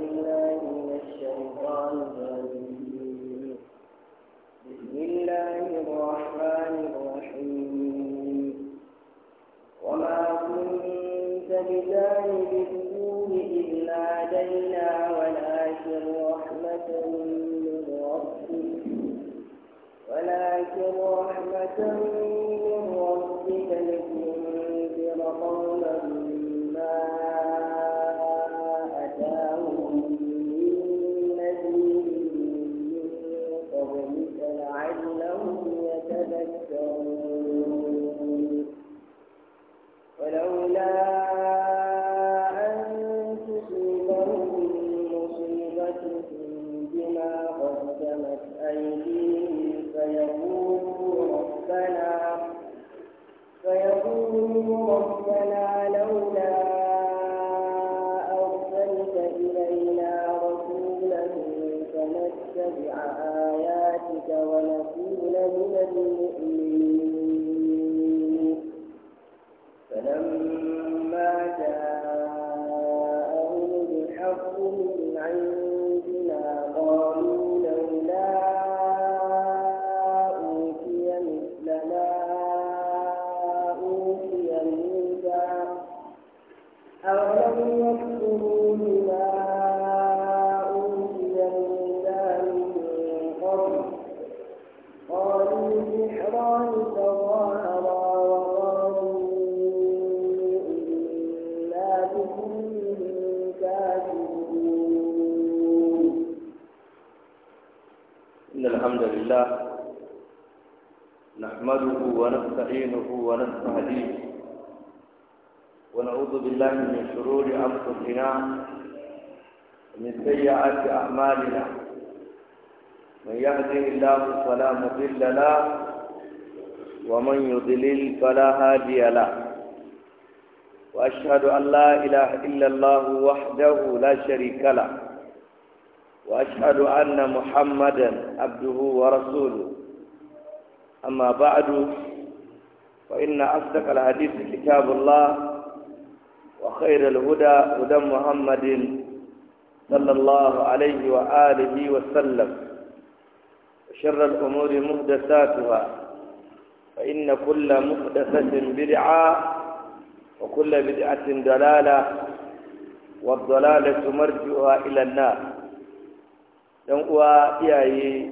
بالله من الشيطان الرجيم بسم الله الرحمن الرحيم وما كنت بجانب السور إذ نادينا ولكن رحمة من ربك ولكن رحمة من بنا من سيئات أعمالنا من يهدي الله فلا مضل له ومن يضلل فلا هادي له وأشهد أن لا إله إلا الله وحده لا شريك له وأشهد أن محمدا عبده ورسوله أما بعد فإن أصدق الحديث كتاب الله وخير الهدى هدى محمد صلى الله عليه وآله وسلم وشر الأمور محدثاتها فإن كل محدثة بدعة وكل بدعة ضلالة والضلالة مرجعها إلى النار dan uwa iyaye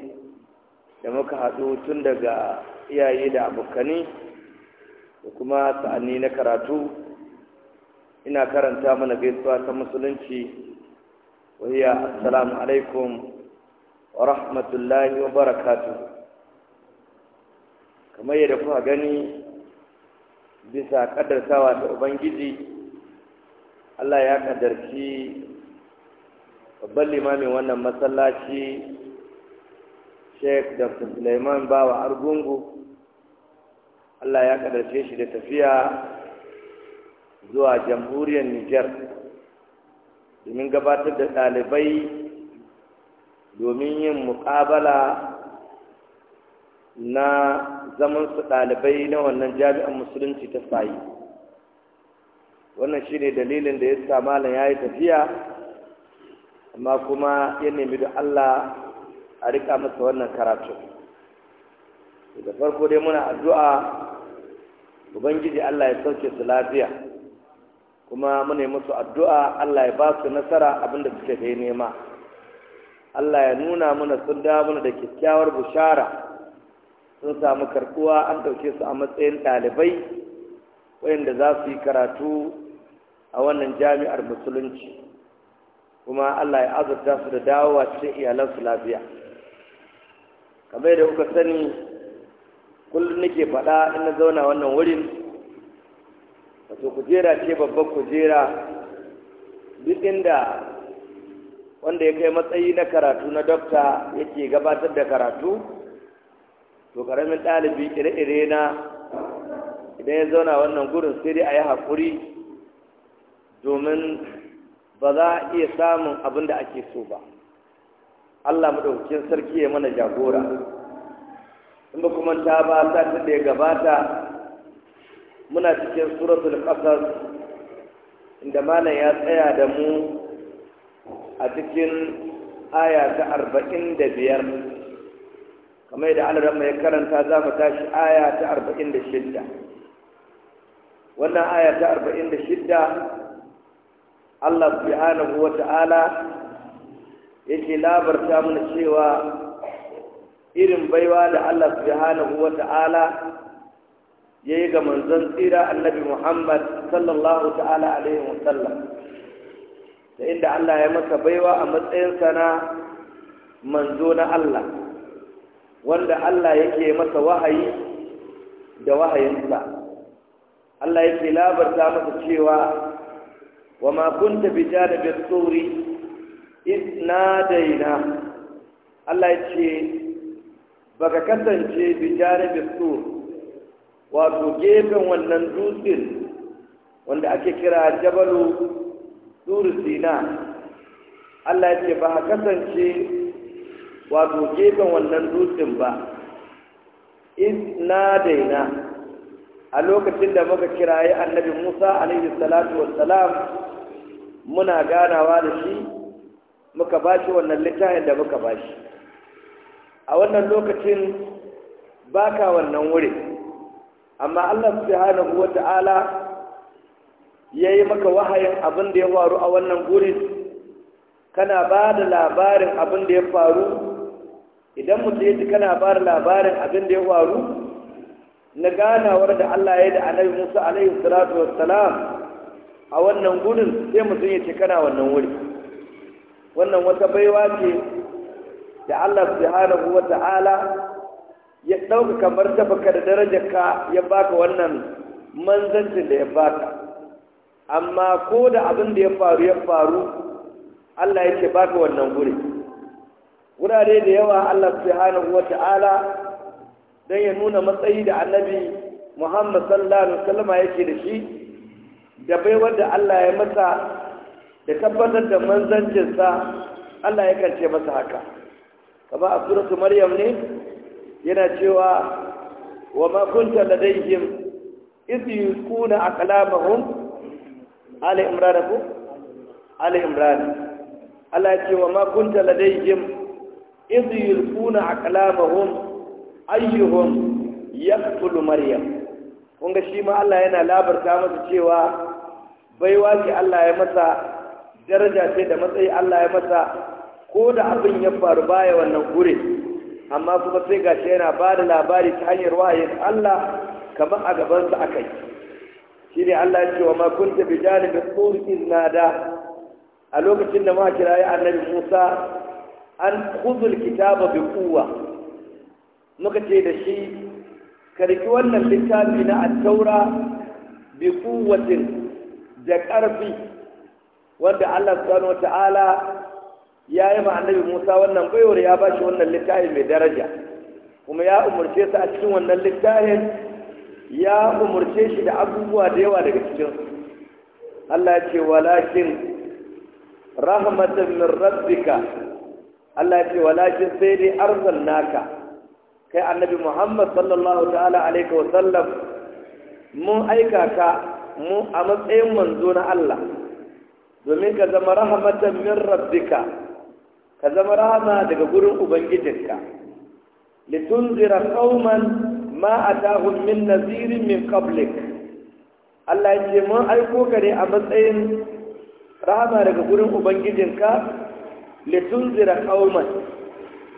da muka haɗu tun daga iyaye da abokani da kuma sa'anni na karatu ina karanta mana gaisuwa ta musulunci hiya assalamu alaikum wa rahmatullahi wa barakatu kamar yadda kuka gani bisa kaddartawa ta ubangiji allah ya kaddarci babban limamin wannan masallaci sheik dr suleiman bawa argungu allah ya kaddarce shi da tafiya zuwa jamhuriyar Nijar domin gabatar da ɗalibai domin yin muƙabala na zaman su ɗalibai na wannan jami'an musulunci ta sayi wannan shi ne dalilin da ya sa malam ya yi tafiya amma kuma ya nemi da Allah a riƙa masa wannan karatu da farko dai muna addu'a ubangiji Allah ya sauke su lafiya kuma muna musu addu'a Allah ya ba su nasara abinda suke da nema Allah ya nuna mana sun da mana da kyakkyawar bushara sun samu karkuwa an ɗauke su a matsayin ɗalibai wayanda za su yi karatu a wannan jami'ar musulunci kuma Allah ya azurta su da dawowa cikin iyalansu lafiya kamar da kuka sani kullum nake faɗa in na zauna wannan wurin wato kujera ce babbar kujera duk inda wanda ya kai matsayi na karatu na dokta yake gabatar da karatu to karamin ɗalibi ire-ire na idan ya zauna wannan gurin sai dai a yi haƙuri domin ba za a iya samun abin da ake so ba allah maɗaukacin sarki ya mana jagora in ba kuma ta ba satin da ya gabata muna cikin suratul qasas inda malam ya tsaya da mu a cikin aya ta arba'in da biyar kamar yadda alaran mai karanta za mu tashi aya ta arba'in da shidda wannan aya ta arba'in da shidda allah subhanahu wa ta'ala yake labarta mana cewa irin baiwa da allah subhanahu wa ta'ala Yayi ga manzon tsira annabi muhammad sallallahu ta'ala alaihi wasallam da inda allah ya masa baiwa a matsayinsa na manzo na allah wanda allah yake masa wahayi da wahayinsa allah yake labarta masa cewa wa ma kunta bi janibi tsuri iz nadaina allah ya ce baka kasance bi janibi tsuri wato gefen wannan dutsen wanda ake kira jabalu turu sina Allah ya ce ba a kasance wato gefen wannan dutsen ba in na daina a lokacin da muka kira ya annabi musa alaihi salatu wassalam muna ganawa da shi muka ba shi wannan littafin da muka ba shi a wannan lokacin baka wannan wurin amma Allah subhanahu wa ta'ala ya yi maka wahayin abin da ya faru a wannan gurin kana ba da labarin abin da ya faru idan mutum yaji kana ba da labarin abin da ya faru na ganawar da Allah ya yi da annabi Musa alaihi salatu wassalam a wannan gurin sai mutum ya ce kana wannan wuri wannan wata baiwa ce da Allah subhanahu wa ta'ala ya ɗauka kamar ta baka da ka ya baka wannan manzancin da ya baka amma ko da abin da ya faru ya faru Allah yake baka wannan guri wurare da yawa Allah subhanahu wata'ala dan ya nuna matsayi da annabi Muhammad sallallahu alaihi yake da shi da bai wanda Allah ya masa da tabbatar da manzancinsa Allah ya kance masa haka kama a suratul maryam ne yana cewa wa ma kunta ladayhim idh yusquna aqlamahum ali imran ko ali imran Allah ya ce wa ma kunta ladayhim idh yusquna ayyuhun ayyuhum yaqtulu maryam kun ga shi ma Allah yana labarta masa cewa Bai waki Allah ya masa daraja ce da matsayi Allah ya masa ko da abin ya faru baya wannan gure amma kuma sai gashi yana ba da labari ta hanyar wahayin Allah kamar a gabansa aka yi shi ne Allah ya ce wa ma kun ta bi janibin tsoro a lokacin da ma kira ya annabi Musa an khudul kitaba bi quwwa muka ce da shi karki wannan littafi na at-taura bi quwwatin da ƙarfi wanda Allah subhanahu wa ta'ala ya yi ma annabi musa wannan baiwar ya ba shi wannan littafin mai daraja kuma ya umarce su a cikin wannan littafin ya umarce shi da abubuwa da yawa daga cikin Allah ce walakin rahmatan min rabbika Allah ce walakin sai dai arsalnaka kai annabi Muhammad sallallahu ta'ala alaihi wa sallam mun aika ka mu a matsayin manzo na Allah domin ka zama rahmatan min rabbika ka zama rahama daga gurin ubangijinka litunzira qauman ma atahum min nazirin min qablik Allah ya ce mun aiko ka ne a matsayin rahama daga gurin ubangijinka litunzira qauman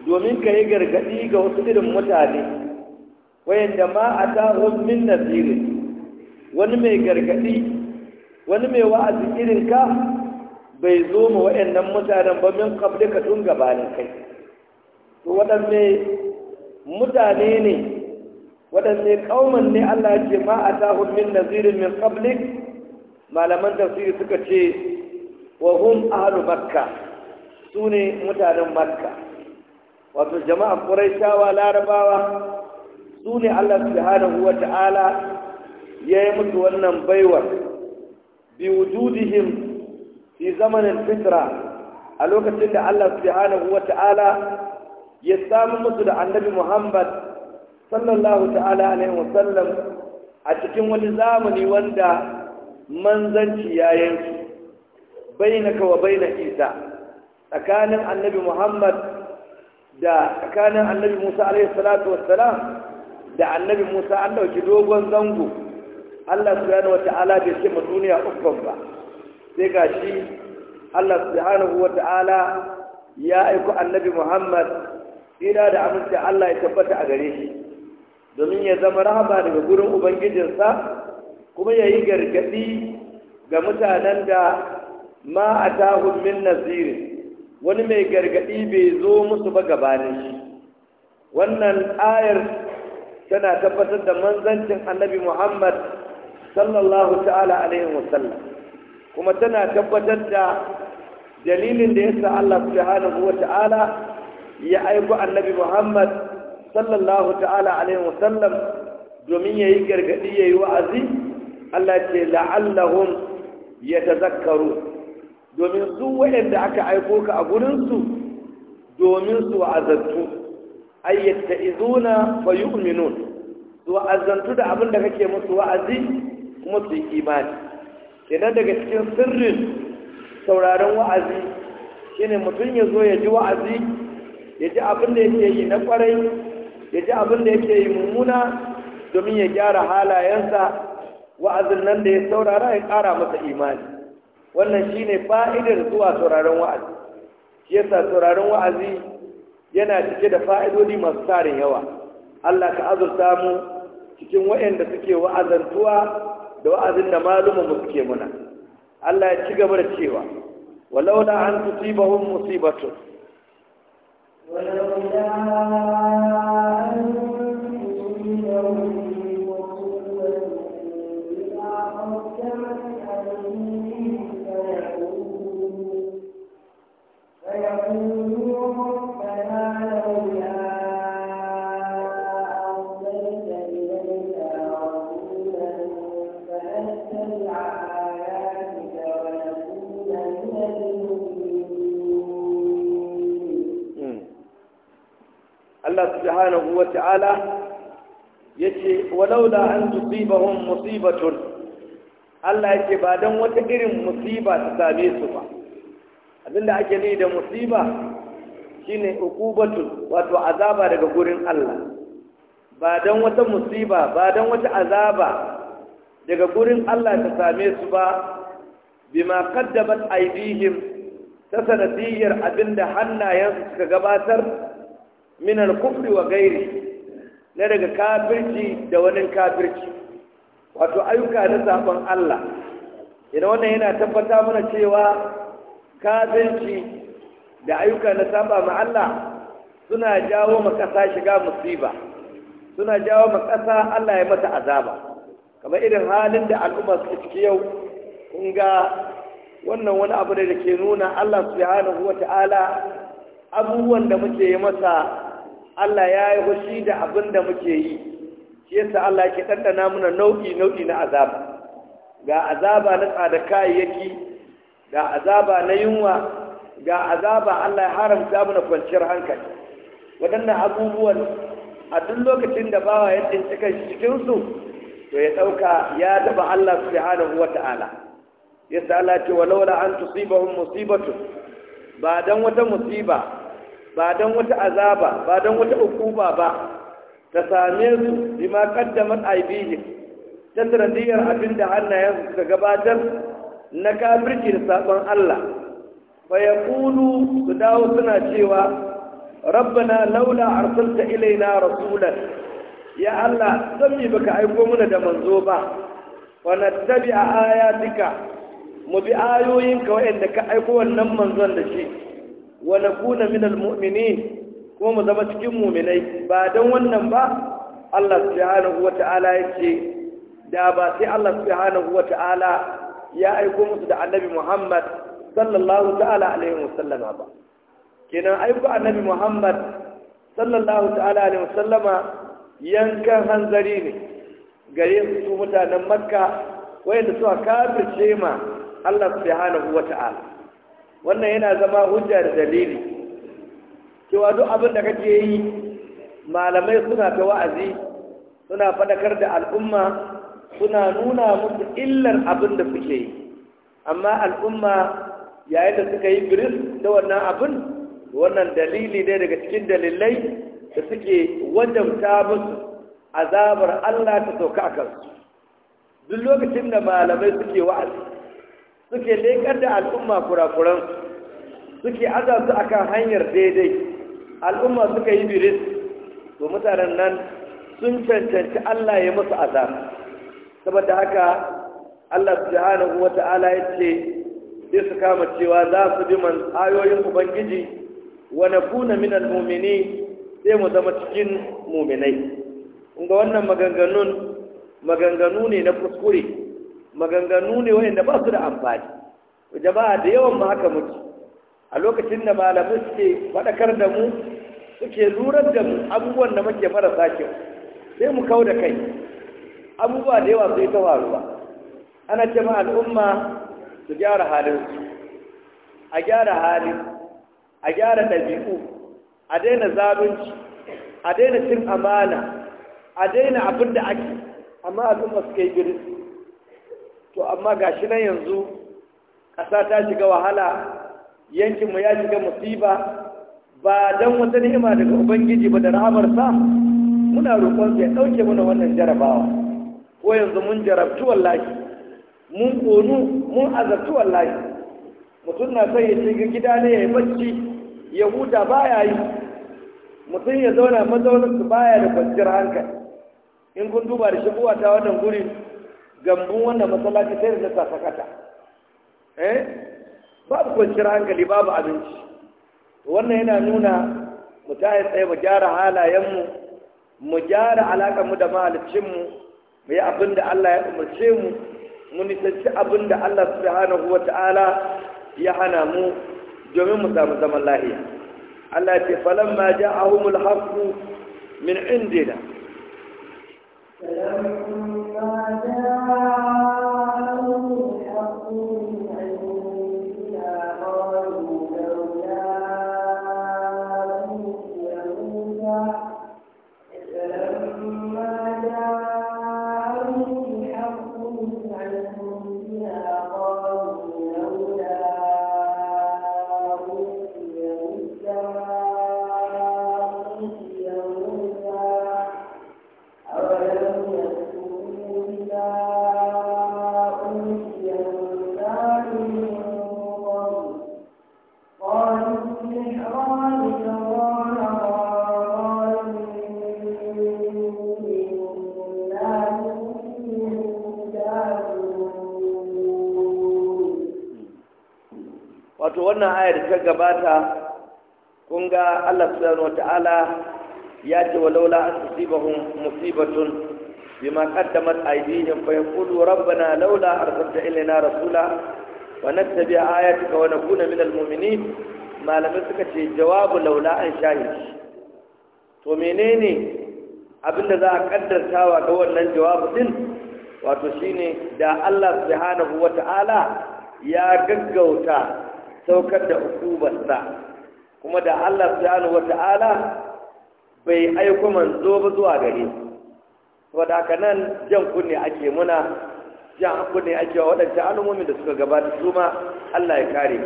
domin ka yi gargadi ga wasu irin mutane wayanda ma atahum min nazirin wani mai gargadi wani mai wa'azi irin ka bai zo mu waannan mutanen ba min kabli ka tun gabanin kai to waɗanne mutane ne waɗanne kauman ne Allah ya ce ma atahum min nazirin min kabli malaman tafsiri suka ce wa hum ahlu makka sune mutanen makka wato jama'a quraishawa larabawa sune Allah subhanahu wa ta'ala ya yi musu wannan baiwar bi wujudihim fi zamanin fitra a lokacin da Allah subhanahu ya samu musu da annabi Muhammad sallallahu a cikin wani zamani wanda manzanci ya yanki bainaka wa baina Isa tsakanin annabi Muhammad da tsakanin annabi Musa alaihi da annabi Musa an dauki dogon zango Allah subhanahu bai ce ma duniya uffan sai ga shi Allah subhanahu wa ta'ala ya aiko annabi Muhammad ina da aminci Allah ya tabbata a gare shi domin ya zama rahama daga gurin ubangijinsa kuma ya yi gargaɗi ga mutanen da ma a tahun min wani mai gargaɗi bai zo musu ba gabanin shi wannan ayar tana tabbatar da manzancin annabi Muhammad sallallahu ta'ala alaihi wasallam kuma tana tabbatar da dalilin da yasa Allah subhanahu wata'ala ya aiko annabi Muhammad sallallahu ta'ala alaihi wasallam domin yayi gargadi yayi wa'azi Allah ce la'allahum yatazakkaru domin su wayanda aka aiko ka a gurin su domin su wa'azantu ayyata izuna fa yu'minun su wa'azantu da abin da kake musu wa'azi kuma su imani kenan daga cikin sirrin sauraron wa'azi shine mutum ya zo ya ji wa'azi ya ji abin da yake yi na kwarai ya ji abin da yake yi mummuna domin ya gyara halayensa wa'azin nan da ya saurara ya ƙara masa imani wannan shi ne fa'idar zuwa sauraron wa'azi shi yasa sauraron wa'azi yana cike da fa'idodi masu tarin yawa Allah ka azurta mu cikin da suke wa'azantuwa da wa'azin da malumin suke muna Allah ya ci gaba da cewa walaula an tusibahum da an ta'ala yace walaula an tusibahum musibatun Allah ya ce ba don wata irin musiba ta same su ba abinda ake ni da musiba shine uqubatu wato azaba daga gurin Allah ba don wata musiba ba don wata azaba daga gurin Allah ta same su ba bima qaddamat aydihim ta sanadiyyar abinda hannayensu suka gabatar min al-kufri wa ghairihi na daga kafirci da wani kafirci wato ayyuka na zaben Allah idan wannan yana tabbata mana cewa kafirci da ayyuka na saba ma Allah suna jawo ma ƙasa shiga musiba suna jawo ma ƙasa Allah ya mata azaba kamar irin halin da al'umma su ciki yau kun ga wannan wani abu da ke nuna Allah subhanahu wata'ala abubuwan da muke yi masa Allah ya yi hushi da abin da muke yi shi yasa Allah ke ɗanɗana muna nau'i nau'i na azaba ga azaba na tsada kayayyaki ga azaba na yunwa ga azaba Allah ya haramta muna kwanciyar hankali waɗannan abubuwan a duk lokacin da bawa ya tsinci kan cikinsu to ya ɗauka ya taɓa Allah subhanahu wa ta'ala yasa Allah ce walaula an tusibahum musibatu ba dan wata musiba ba don wata azaba ba don wata hukuma ba ta same su ma qaddamat aibihim ta sanadiyar abin da hannayen suka gabatar na kafirci da sabon Allah fa yaqulu su dawo suna cewa rabbana laula arsalta ilaina rasulan ya Allah san me baka aiko mana da manzo ba a aya duka. mu bi ayoyinka wa'anda ka aiko wannan manzon da shi Wana kuna minal mu'minin kuma mu zama cikin mu'minai ba dan wannan ba Allah subhanahu ya ce da ba sai Allah subhanahu ya aiko musu da Annabi Muhammad sallallahu ta'ala alaihi ba kenan aiko Annabi Muhammad sallallahu ta'ala alaihi yankan hanzari ne gare su mutanen Makka wayanda suka kafirce ma Allah subhanahu wannan yana zama hujja da dalili cewa duk abin da kake yi malamai suna ta wa'azi suna fadakar da al'umma suna nuna musu illar abin da suke yi amma al'umma yayin da suka yi biris da wannan abin wannan dalili dai daga cikin dalilai da suke wajabta musu azabar Allah ta sauka a kansu duk lokacin da malamai suke wa'azi suke lekar da al'umma kurakuran suke azazu akan hanyar daidai al'umma suka yi biris to mutanen nan sun cancanci Allah ya musu azab saboda haka Allah subhanahu wata'ala ya ce sai su kama cewa za su bi man ayoyin ubangiji wa nakuna al-mu'mini sai mu zama cikin mu'minai ga wannan maganganun maganganu ne na kuskure maganganu ne wayanda ba su da amfani jama'a da yawan mu haka muke a lokacin da malamai suke faɗakar da mu suke lurar da mu abubuwan da muke marasa kyau sai mu kau da kai abubuwa da yawa sai ta faruwa ana ce ma al'umma su gyara halin su, a gyara hali a gyara ɗabi'u a daina zalunci a daina cin amana a daina abin da ake amma al'umma suke birni. to amma ga shi nan yanzu ƙasa ta shiga wahala yankinmu ya shiga musiba ba don wata ni'ima daga ubangiji ba da rahamarsa muna roƙon ya ɗauke mana wannan jarabawa ko yanzu mun jarabtu wallahi mun ƙonu mun azabtu wallahi mutum na son ya shiga gida ne ya yi bacci ya huta baya yi mutum ya zauna mazauninsu baya da kwanciyar hankali in kun duba da shigowa ta wannan guri gambun wannan masallaci sai da ta sakata eh babu kwanciyar hankali babu abinci wannan yana nuna mu tayi tsaye mu gyara halayenmu mu gyara alaƙarmu da mahaliccinmu mu yi abin Allah ya umarce mu mu nisanci abin da Allah subhanahu wa ta'ala ya hana mu domin mu samu zaman lahiya Allah ya ce falamma ja'ahumul haqqu min indina gabata kun ga Allah subhanahu ta'ala ya ce wa laula an tusibahum musibatun bima qaddamat aydihim fa yaqulu rabbana laula arsalta ilayna rasula wa nattabi'a ayatika wa nakuna min mu'minin malamai suka ce jawabu laula an shahid to menene abinda za a kaddartawa ga wannan jawabu din wato shine da Allah subhanahu ta'ala ya gaggauta saukar da hukubarsa kuma da Allah subhanahu wata'ala bai aiko manzo ba zuwa gare su saboda haka nan jan kunne ake muna jan kunne ake wa waɗancan al'ummomin da suka gabata su ma Allah ya kare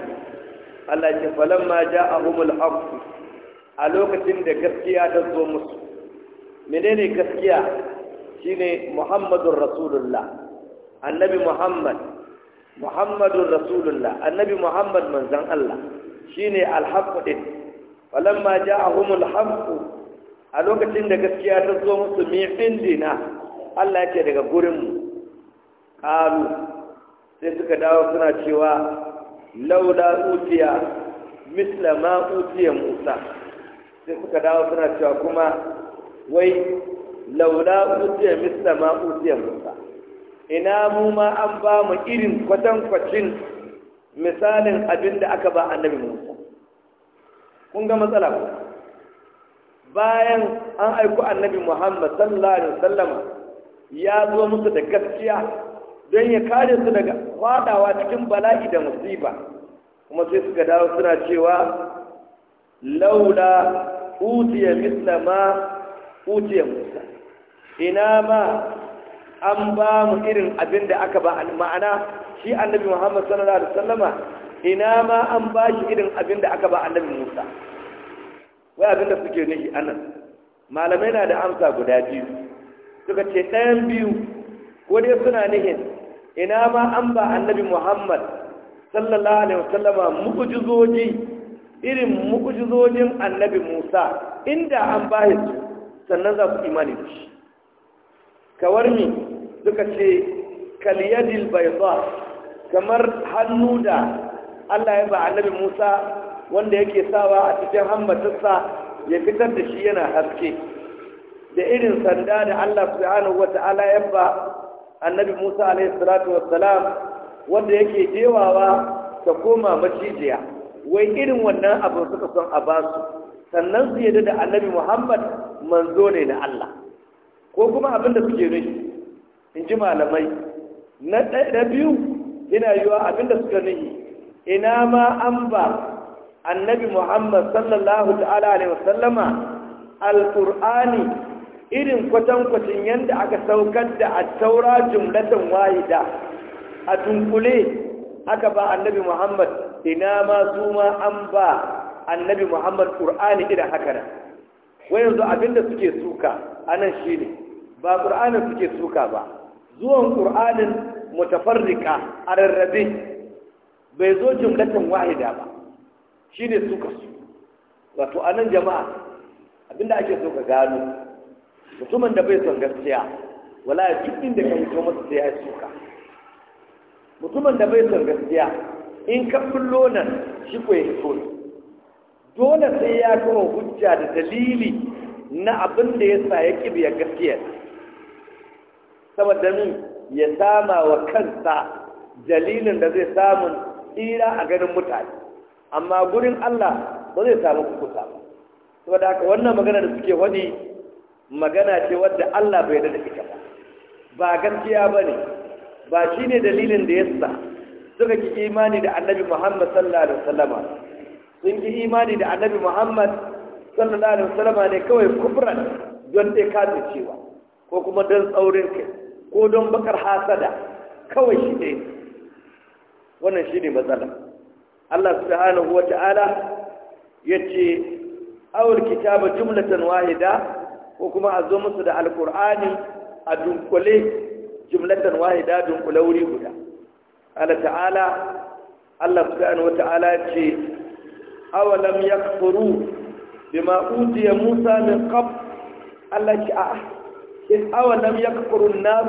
Allah ya falamma ja'ahumul haqq a lokacin da gaskiya ta zo musu menene gaskiya shine Muhammadun Rasulullah annabi Muhammad muhammadun rasulullah annabi muhammad manzan Allah shine alhaqqu din falamma ja'ahumul haqqu a lokacin da gaskiya ta zo musu min indina Allah yake daga gurin mu qalu sai suka dawo suna cewa laula utiya misla ma utiya musa sai suka dawo suna cewa kuma wai laula utiya misla ma utiya musa ina mu ma an ba mu irin kwatankwacin misalin abin da aka ba annabi musa kun ga matsala ba? bayan an aiko annabi muhammad sallallahu alaihi wasallama ya zo musu da gaskiya don ya kare su daga fadawa cikin bala'i da musiba kuma sai suka dawo suna cewa laula utiya mislama utiya musa ina ma an ba mu irin abin da aka ba ma'ana shi annabi muhammad sallallahu alaihi wasallama ina ma an ba shi irin abin da aka ba annabi musa wai abin da suke nihi anan malamai na da amsa guda biyu suka ce ɗayan biyu ko dai suna nihin ina ma an ba annabi muhammad sallallahu alaihi wasallama mu'jizoji irin mu'jizojin annabi musa inda an ba shi sannan za ku imani da shi kawar ne suka ce kaliyadil baiza kamar hannu da Allah ya ba annabi Musa wanda yake sawa a cikin hambatarsa ya fitar da shi yana haske da irin sanda da Allah subhanahu wata'ala ya ba annabi Musa alaihi wanda yake jewawa ta koma macijiya wai irin wannan abu suka son a basu sannan su yadda da annabi Muhammad manzo ne na Allah ko kuma abin da suke nufi in ji malamai na biyu yana yiwa abin da suka nufi ina ma an ba annabi muhammad sallallahu ta'ala sallama, al alƙur'ani irin kwatankwacin yadda aka saukar da a taura jumlatan wahida a dunkule aka ba annabi muhammad ina ma su ma an ba annabi muhammad ƙur'ani irin haka nan wai yanzu abinda suke suka anan shine ba qur'anin suke suka ba zuwan qur'anin mutafarrika a rarrabe bai zo jumlatin wahida ba shine suka su wato anan jama'a abinda ake so ka gano mutumin da bai son gaskiya wala duk inda ka fito masa sai ya suka mutumin da bai son gaskiya in ka fullo nan shi ko ya fito dole sai ya kuma hujja da dalili na abin da ya sa ya kibiya gaskiya saboda min ya sama wa kansa dalilin da zai samun tsira a ganin mutane amma gurin Allah ba zai samu kusa ba saboda haka wannan magana da suke wani magana ce wadda Allah bai da ita ba ba gaskiya ba ne ba shi ne dalilin da yasa suka ki imani da annabi Muhammad sallallahu alaihi wasallama sun yi imani da annabi muhammad sallallahu alaihi wasallam ne kawai kufran don dai cewa, ko kuma don tsaurin kai ko don bakar hasada kawai shi ne wannan shi ne matsala Allah subhanahu wa ta'ala ya ce awul kitaba jumlatan wahida ko kuma a zo musu da alkur'ani a dunkule jumlatan wahida dunkule wuri guda Allah ta'ala Allah subhanahu wa ta'ala ce awalam yakfuru bima utiya musa min qabl Allah ki a in awalam yakfuru an-nas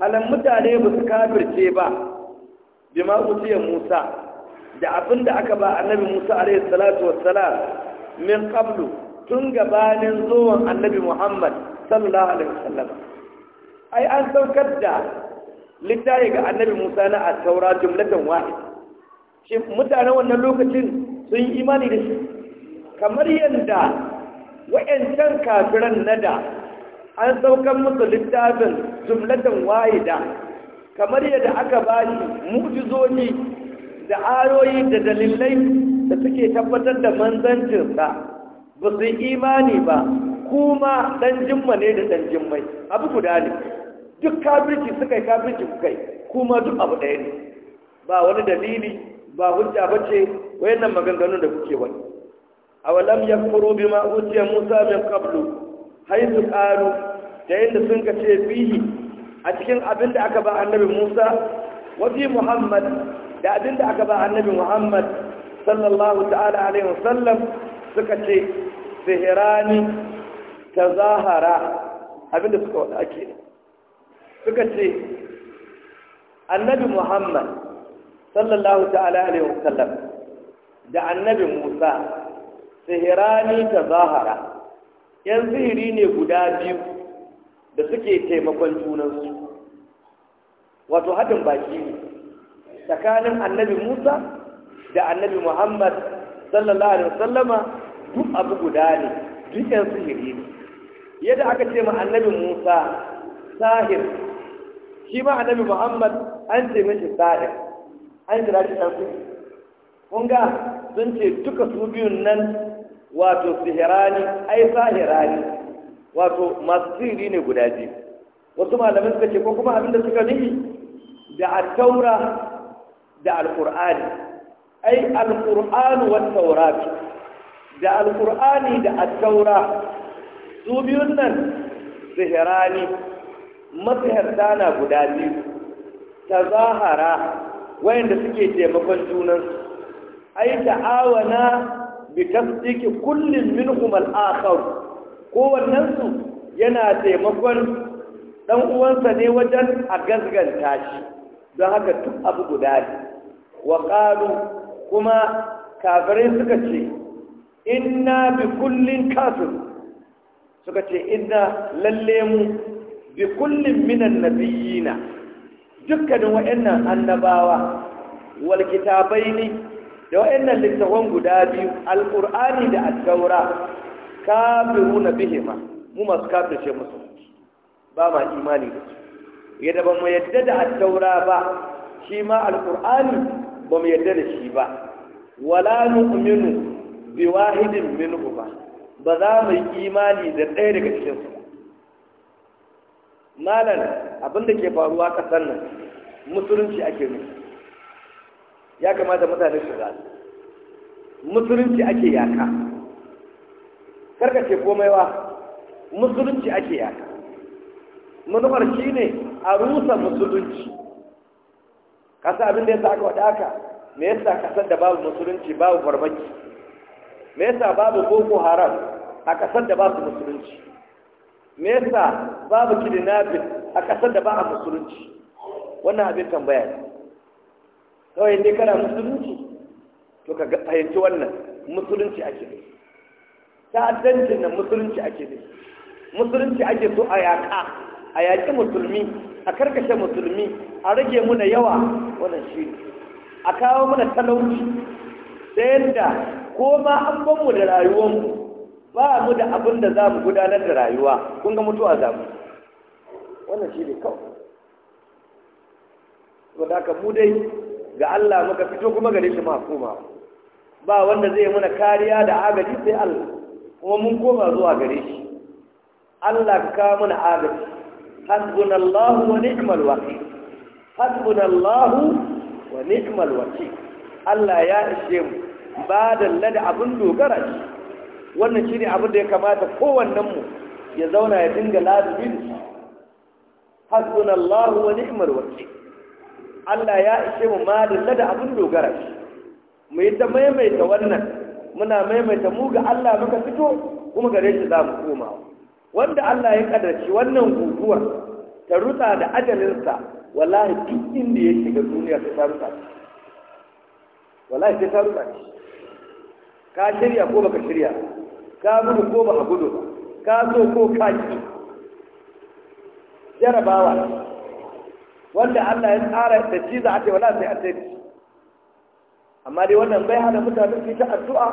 alam mutane ba su kafirce ba bima utiya musa da abin da aka ba annabi musa alayhi salatu wassalam min qablu tun gabanin zuwan annabi muhammad sallallahu alaihi wasallam ai an saukar da littafi ga annabi musa na a taura jumlatan wahid shi mutanen wannan lokacin sun imani da shi kamar yadda wa'yancan kafiran na da an saukan musu littafin jumlatan da, kamar yadda aka ba shi mu'jizoni da aroyi da dalilai da suke tabbatar da manzancinsa ba su imani ba kuma dan jimma ne da dan jimmai abu guda ne duk kafirci suka yi kafirci kuka yi kuma duk abu ɗaya ne ba wani dalili ba hujja bace wayannan maganganun da kuke wani awalam yakfuru bima utiya musa min qablu haythu qalu da inda sun kace fihi a cikin abin da aka ba annabi musa wa fi muhammad da abin da aka ba annabi muhammad sallallahu ta'ala alaihi wasallam suka ce sihirani tazahara abin da suka wada ake suka ce annabi muhammad sallallahu ta'ala alaihi wasallam da annabi Musa sihirani ta zahara yan sihiri ne guda biyu da suke taimakon junansu wato haɗin baki ne tsakanin annabi Musa da annabi Muhammad sallallahu alaihi wasallama duk abu guda ne duk yan sihiri ne yadda aka ce ma annabi Musa sahir shi ma annabi Muhammad an ce mishi sahir an jira shi ɗan kun ga sun ce duka su biyun nan wato sihirani ai sahirani wato masu sihiri ne guda biyu wasu malamin suka ce ko kuma abin da suka nufi da at-taura da alkur'ani ai al wa taurati da alkur'ani da taura su biyun nan sihirani masihirta na guda biyu ta zahara wayanda suke taimakon junansu ai ta'awana bi tasdiki kullin minhum al-akhar wannan su yana taimakon dan uwansa ne wajen a gasganta shi don haka duk abu guda ne wa qalu kuma kafirai suka ce inna bi kullin kafir suka ce inna lalle mu bi kullin minan nabiyina dukkanin wa'annan annabawa wal kitabaini da wa'annan littawan guda biyu alƙur'ani da al kafiru kafiruna bihima mu masu kafirce musu ba ma imani da su yadda ba mu yadda da al ba shi ma alƙur'ani ba mu yadda da shi ba wala nu'minu bi wahidin minhu ba ba za mu yi imani da ɗaya daga cikin su abin abinda ke faruwa ƙasar nan musulunci ake nufi ya kamata mutane su ga musulunci ake yaka karkace komai wa musulunci ake yaka manufar shi ne a rusa musulunci kasa abin da ya sa aka aka me yasa kasar da babu musulunci babu farmaki me yasa babu boko haram a kasar da babu musulunci me yasa babu kidnapping a kasar da ba a musulunci wannan abin tambaya ne kawai ne kana musulunci to ka fahimci wannan musulunci ake ne Ta ta'addancin nan musulunci ake ne musulunci ake so a yaƙa a yaƙi musulmi a karkashe musulmi a rage muna yawa wannan shi a kawo muna talauci ta yadda ko ma an ban mu da rayuwanmu ba mu da abin da za mu gudanar da rayuwa kun ga mutuwa za mu wannan shi ne kawai saboda haka mu dai ga Allah muka fito kuma gare shi ma koma ba wanda zai muna kariya da agaji sai Allah kuma mun koma zuwa gare shi Allah ka ka mana agaji hasbunallahu wa ni'mal wakeel hasbunallahu wa ni'mal wakeel Allah ya ishe mu ba da da abin dogara shi wannan shine abin da ya kamata kowannen mu ya zauna ya dinga lazubi da shi hasbunallahu wa ni'mal wakeel Allah ya ishe mu malin da abin dogara shi mu yi ta maimaita wannan muna maimaita mu ga Allah muka fito kuma gare shi za mu koma wanda Allah ya kadarci wannan guguwar ta rutsa da ajalinsa wallahi duk inda ya shiga duniya ta ta rutsa wallahi sai ta rutsa ka shirya ko baka shirya ka gudu ko baka gudu ka zo ko ka ki jarabawa wanda Allah ya tsara da shi za a ce wala sai a shi. amma dai wannan bai hana mutane su ta addu'a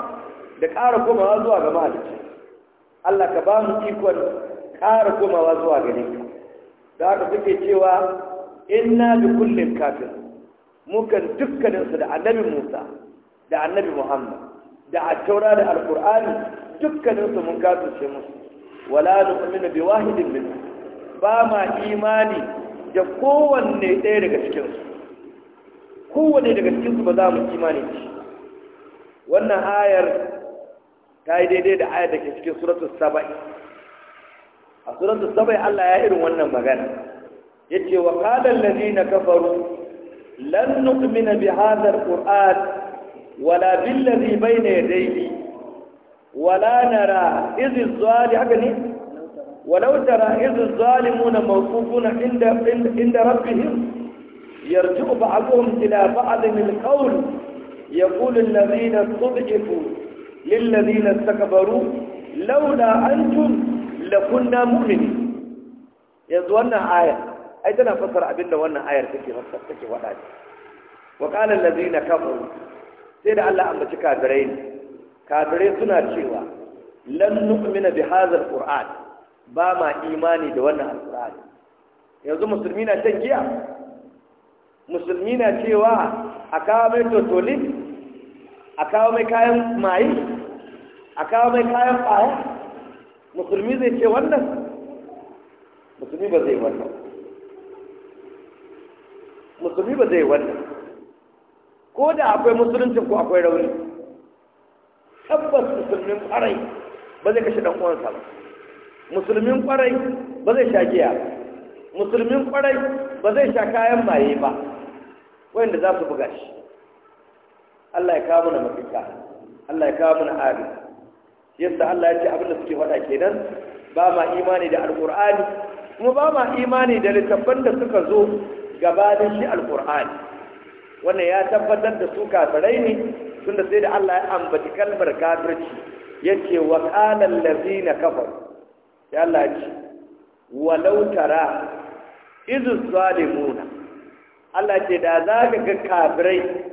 da ƙara komawa zuwa ga mahalicci Allah ka ba mu ikon ƙara komawa zuwa gare ka da haka suke cewa inna bi kullin kafir dukkanin su da annabi Musa da annabi Muhammad da attaura da alqur'ani su mun kafirce musu wala nu'minu bi wahidin min ba ma imani da kowanne ɗaya daga cikinsu kowanne daga cikinsu ba za mu imani ci. wannan ayar ta yi daidai da ayar da ke cikin suratul saba'i a suratul saba'i Allah ya irin wannan magana Ya ce, wa qala na kafaru lannuk mina bi hadar Kur'an? wala bai na ya daidai? wala nara izin zuwa zali haka ne ولو ترى إذ الظالمون موقوفون عند عند ربهم يرجع بعضهم إلى بعض القول يقول الذين استضعفوا للذين استكبروا لولا أنتم لكنا مؤمنين yanzu wannan ayar ai tana fassara abin wannan ayar take fassara take wada ce wa sai da Allah ambaci kafirai kafirai suna cewa lan nu'mina bi ba ma imani da wannan alƙur'ani yanzu musulmi na shan giya musulmi na cewa a kawo mai totoli a kawo mai kayan maye a kawo mai kayan ɓaya musulmi zai ce wannan musulmi ba zai wannan musulmi ba zai wannan ko da akwai musulunci ko akwai rauni tabbas musulmin ƙwarai ba zai kashe ɗan uwansa ba musulmin kwarai ba zai sha giya musulmin kwarai ba zai sha kayan maye ba wanda za su buga shi Allah ya kawo mana mafita Allah ya kawo mana ari yadda Allah ya ce abin da suke faɗa kenan ba ma imani da alƙur'ani kuma ba ma imani da littattafan da suka zo gabanin shi alƙur'ani wannan ya tabbatar da su kafirai ne tunda sai da Allah ya ambaci kalmar kafirci yace wa qala allazina kafaru yalla walautara, ce walau tara izu zalimuna Allah ce da za ga kafirai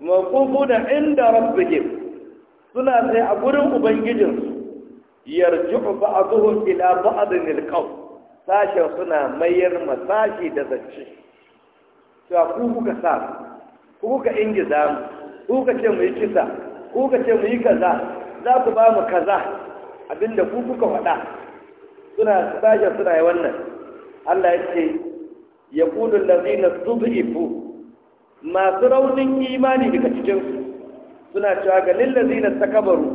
makufu da inda rabbihim suna sai a gurin ubangijin yarji'u ba'dhum ila ba'dhin alqaw sashi suna mayar masashi da zacce to ku kuka sa ku kuka ingiza mu ku kuka ce mu yi kisa ku kuka ce mu yi kaza za ku ba mu kaza abinda ku kuka faɗa suna sashen suna yi wannan Allah ya ce ya kulu lazina zubifu masu raunin imani daga cikinsu suna cewa ga lillazina takabaru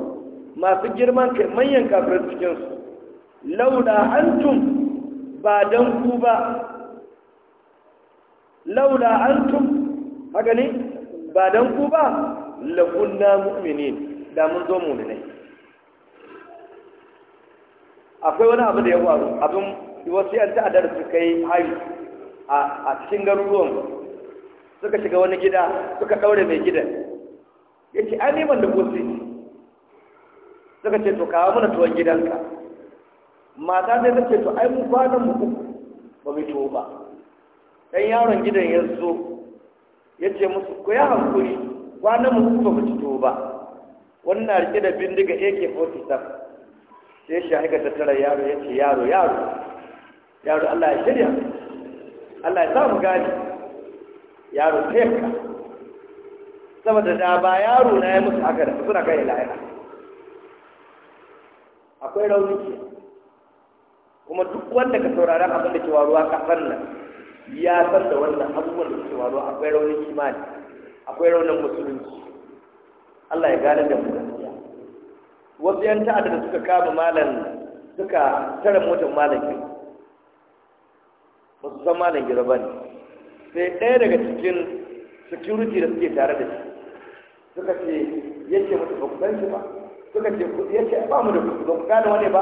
masu girman kai manyan kafirin cikinsu laula antum ba dan ku ba laula antum haka ne ba dan ku ba lakunna mu'minin da mun zo mu'minai akwai wani abu da ya faru abin wasu yan ta'adar su kai hari a cikin garuruwan suka shiga wani gida suka ɗaure mai gidan ya ce ai neman da kusi suka ce to kawo mana tuwon gidanka mata sai ta ce to ai mu kwanan mu uku ba mu tuwo ba dan yaron gidan ya zo ya ce musu ku ya hankuri kwanan mu uku ba mu tuwo ba wannan na rike da bindiga ak-47 sai shi aika tattara yaro ya ce yaro yaro yaro Allah ya shirya Allah ya samu gani yaro teka saboda da ba yaro na ya musu haka da suna kai lahira akwai rauni kuma duk wanda ka saurara abin da ke waruwa kasar nan ya san da wannan abubuwan da ke waruwa akwai raunin imani akwai raunin musulunci Allah ya gane da mu wasu yan ta'adda suka kama malam suka tare motar malam gida wasu san malam gida ba ne sai ɗaya daga cikin security da suke tare da shi suka ce yake mutu ba ku san shi ba suka ce yake ba mu da kuɗi ba ku gane wani ba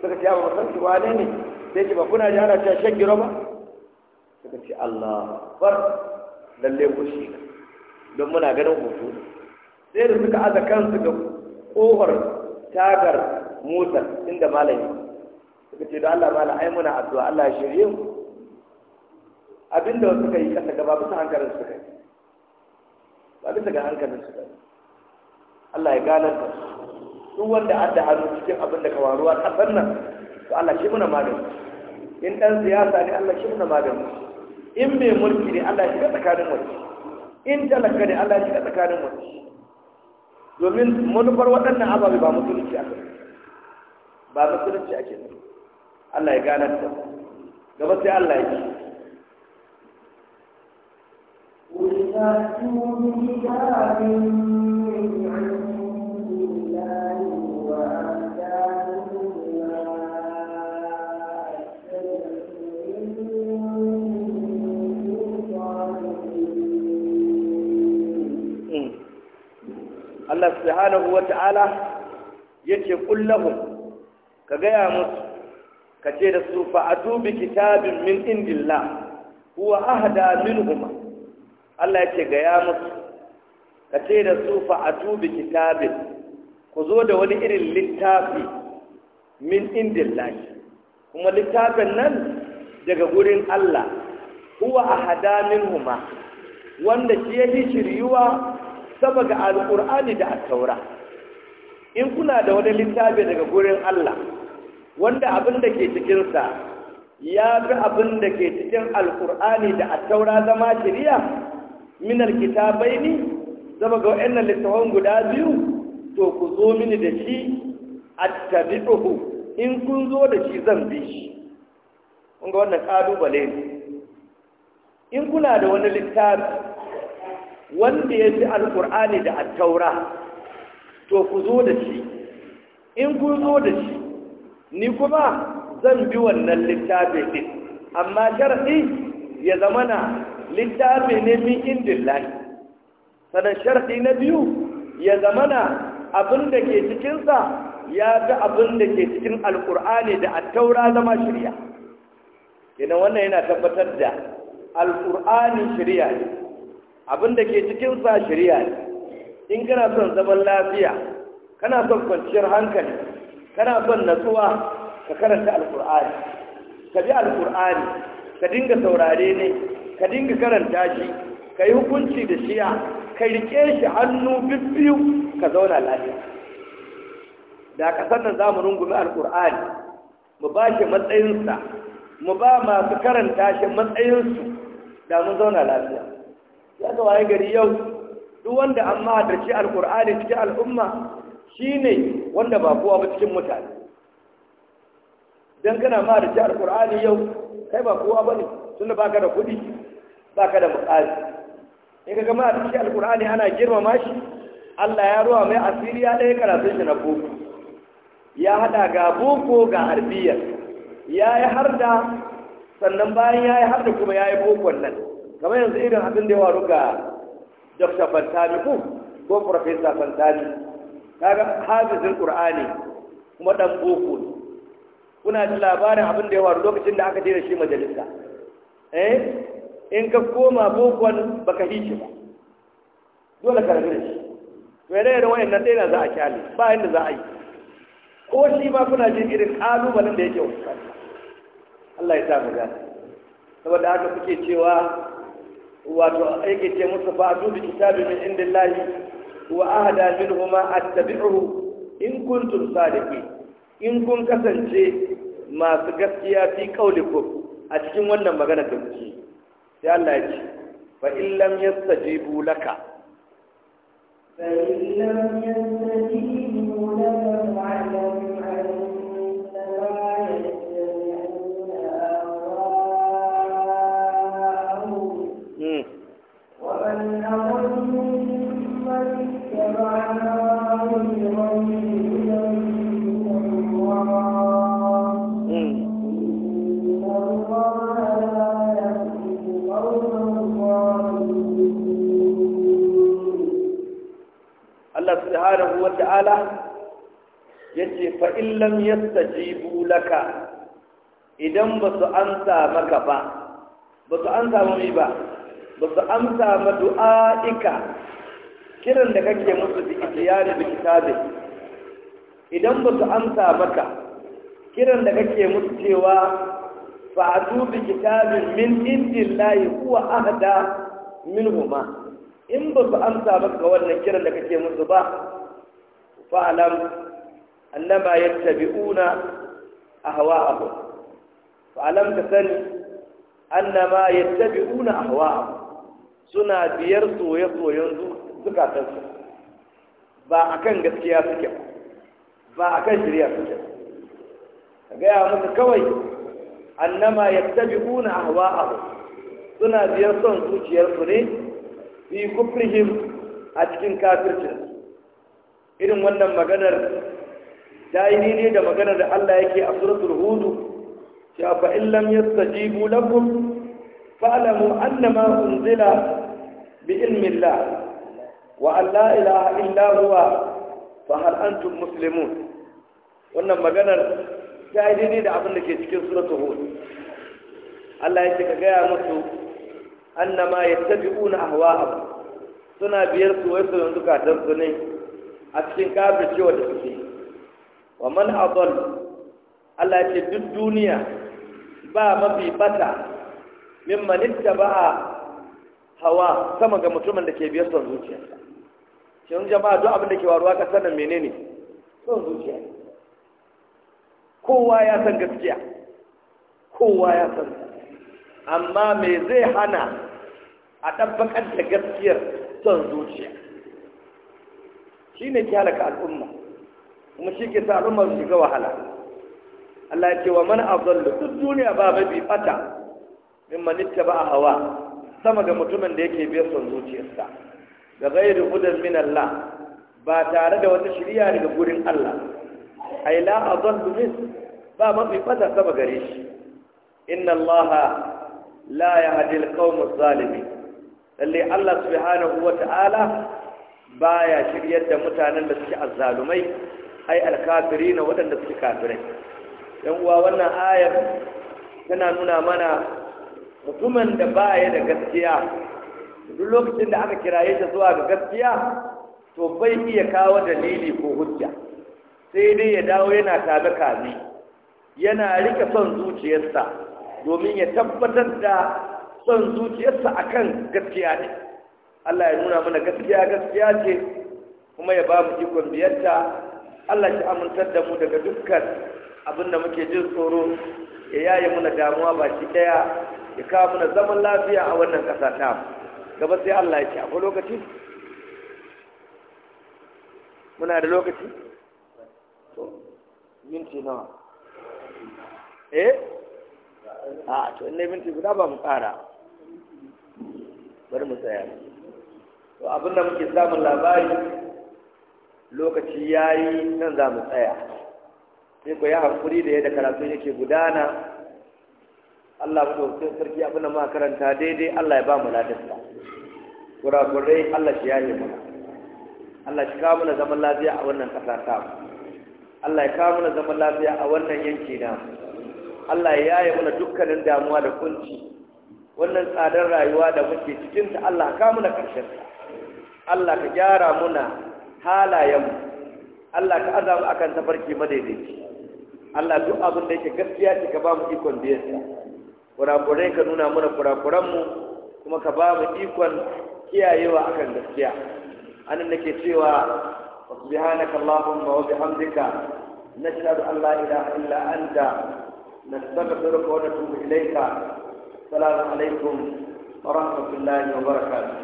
suka ce ba san shi wane ne sai ce ba kuna ji ana cewa shan gira ba suka ce Allah bar lalle ku shi don muna ganin hoto sai da suka aza kansu ga ƙofar tagar motar inda malami suka ce da Allah mala ai muna addu'a Allah ya shirye mu abinda wasu suka yi kasa gaba bisa hankalin suka yi ba bisa ga hankalin suka yi Allah ya gane ka duk wanda an da hannu cikin abin da kawaruwa kasar nan to Allah shi muna magani in dan siyasa ne Allah shi muna magani in mai mulki ne Allah shi ga tsakanin mulki in talaka ne Allah shi ga tsakanin mulki domin manufar waɗannan ababe ba musulunci ake ba musulunci ake Allah ya gane ta gaba sai Allah ya ci قل فأتوا بكتاب من Allah subhanahu wa ta'ala yace kullahum ka gaya musu ka ce da su fa'atu bi kitabin min indillah huwa ahda huma Allah yace gaya musu ka ce da su fa'atu bi kitabin ku zo da wani irin littafi min indillah kuma littafin nan daga gurin Allah huwa ahda huma wanda shi yake shiryuwa sama ga alƙur'ani da taura, in kuna da wani littafi daga gurin Allah wanda abin da ke cikinsa ya fi abin da ke cikin alƙur'ani da taura zama shirya min alkitabai ne zama ga wa'annan littafin guda biyu to ku zo mini da shi attabi'uhu in kun zo da shi zan bi shi kun ga wannan ƙalubale ne in kuna da wani littafi wanda ya ji Alƙur'ani da attaura to ku zo da shi in ku zo da shi ni kuma zan bi wannan littafi ɗin, amma sharaɗi ya zama na littafi ne min indillahi sanan sharaɗi na biyu ya zama na abin da ke cikinsa ya fi abin da ke cikin Alƙur'ani da attaura zama shirya ina wannan yana tabbatar da Alƙur'ani shirya ne abin da ke cikin sa shari'a in kana son zaman lafiya kana son kwanciyar hankali kana son natsuwa ka karanta alkur'ani ka bi alkur'ani ka dinga saurare ne ka dinga karanta shi ka yi hukunci da shiya ka rike shi hannu bibbiyu ka zauna lafiya da ka kasar nan zamu rungumi alkur'ani mu ba shi matsayinsa mu ba masu karanta shi matsayinsu da mu zauna lafiya ya ga waye gari yau duk wanda an mahadarci alkur'ani cikin al'umma shine wanda ba kowa ba cikin mutane dan kana mahadarci alkur'ani yau kai ba kowa bane tunda baka da kuɗi baka da muƙali in ka ga mahadarci alkur'ani ana girmama shi Allah ya ruwa mai asiri ya ɗaya karatun shi na boko ya haɗa ga boko ga arbiya ya yi har da sannan bayan ya yi har da kuma ya yi bokon nan kamar yanzu irin abin da ya waru ga Dr. Fantani ko ko profesa Fantani kaga hafizin Qur'ani kuma dan boko ne kuna ji labarin abin da ya waru lokacin da aka je da shi majalisa eh in ka koma bokon baka hice ba dole ka rabu da shi to yana yana nan dai na za a kyale ba inda za a yi ko shi ma kuna jin irin kalubalen da yake wasu Allah ya sa mu gane saboda haka kuke cewa wato aiki ce musu fa atu bi kitabi min indillahi wa ahada minhuma attabi'uhu in kuntum sadiqin in kun kasance masu gaskiya fi ko a cikin wannan magana da kuke sai Allah ya ce fa in lam yastajibu laka fa in yastajibu ta'ala yace fa illam yastajibu laka idan ba su amsa maka ba ba su amsa mami ba ba su amsa ma du'a'ika kiran da kake musu da ikhtiyari da kitabe idan ba su amsa maka kiran da kake musu cewa a bi kitabin min indillahi huwa ahda minhuma in ba su amsa maka wannan kiran da kake musu ba fa'alam annama yattabi'una ahwa'ahum fa'alam ka sani annama yattabi'una ahwa'ahum suna biyar soye-soyen zukatansu ba akan gaskiya suke ba akan shirya suke ka gaya musu kawai annama a hawa ahwa'ahum suna biyar son zuciyarsu ne fi kufrihim a cikin kafircin irin wannan maganar ta yi ne da maganar da Allah yake a suratul hudu cewa fa in lam yastajibu lakum fa'lamu annama unzila bi ilmi Allah wa an ilaha illa huwa fa hal antum muslimun wannan maganar ta yi ne da abin da ke cikin suratul hudu Allah yake ka gaya musu annama yattabi'una ahwa'ahum suna biyar su wai su yanzu katar su ne a cikin cewa da suke wa man adall Allah ce duk duniya ba mafi bata ba a hawa sama ga mutumin da ke biyar son zuciyarsa shin jama'a duk abin da ke waruwa kasar nan menene son zuciya kowa ya san gaskiya kowa ya san amma me zai hana a ɗabbaƙar da gaskiyar son zuciya shi ne ke halaka al'umma kuma shi ke sa al'umma su shiga wahala Allah ya ce wa man azallu duk duniya ba mabi bata mimman ittaba hawa sama ga mutumin da yake biyar son zuciyarsa da ghairu hudan min Allah ba tare da wata shiriya daga gurin Allah ai la azallu min ba mafi fata sama gare shi inna Allah la yahdi al-qawm adh-dhalimin lalle Allah subhanahu wa ta'ala baya shiryar da mutanen da suke azzalumai ai alkafiri na waɗanda suke kafirai yan uwa wannan ayar tana nuna mana mutumin da baya da gaskiya duk lokacin da aka kiraye ta zuwa ga gaskiya to bai iya kawo dalili ko hujja sai dai ya dawo yana tabe kazi yana rike son zuciyarsa domin ya tabbatar da son zuciyarsa akan gaskiya ne Allah ya nuna mana gaskiya gaskiya ce kuma ya ba mu ikon biyarta Allah ya amintar da mu daga dukkan abin da muke jin tsoro ya yaye mana damuwa shi daya ya kawo mana zaman lafiya a wannan ƙasa ta gaba sai Allah ya ce akwai lokaci muna da lokaci to minti nawa eh a to ne minti guda ba mu ƙara bari mu tsaya to abinda muke samun labari lokaci ya yi nan za mu tsaya sai ku yi hankuri da yadda karatu yake gudana Allah ku sai sarki abin da muka karanta daidai Allah ya ba mu ladarsa kurakurai Allah shi yaye mana Allah shi kawo mana zaman lafiya a wannan ƙasa ta Allah ya kawo mana zaman lafiya a wannan yanki na Allah ya yaye mana dukkanin damuwa da kunci wannan tsadar rayuwa da muke cikin ta Allah ka kawo mana ƙarshen ta Allah ka gyara muna halayenmu Allah ka azamu akan tafarki madaidaici Allah duk abin da yake gaskiya ce ka ba mu ikon yasa kurakure ka nuna mana kurakuranmu kuma ka ba mu ikon kiyayewa akan gaskiya anan nake cewa subhanaka allahumma wa bihamdika nashhadu an la ilaha illa anta nastaghfiruka wa natubu ilayka assalamu alaikum wa rahmatullahi wa barakatuh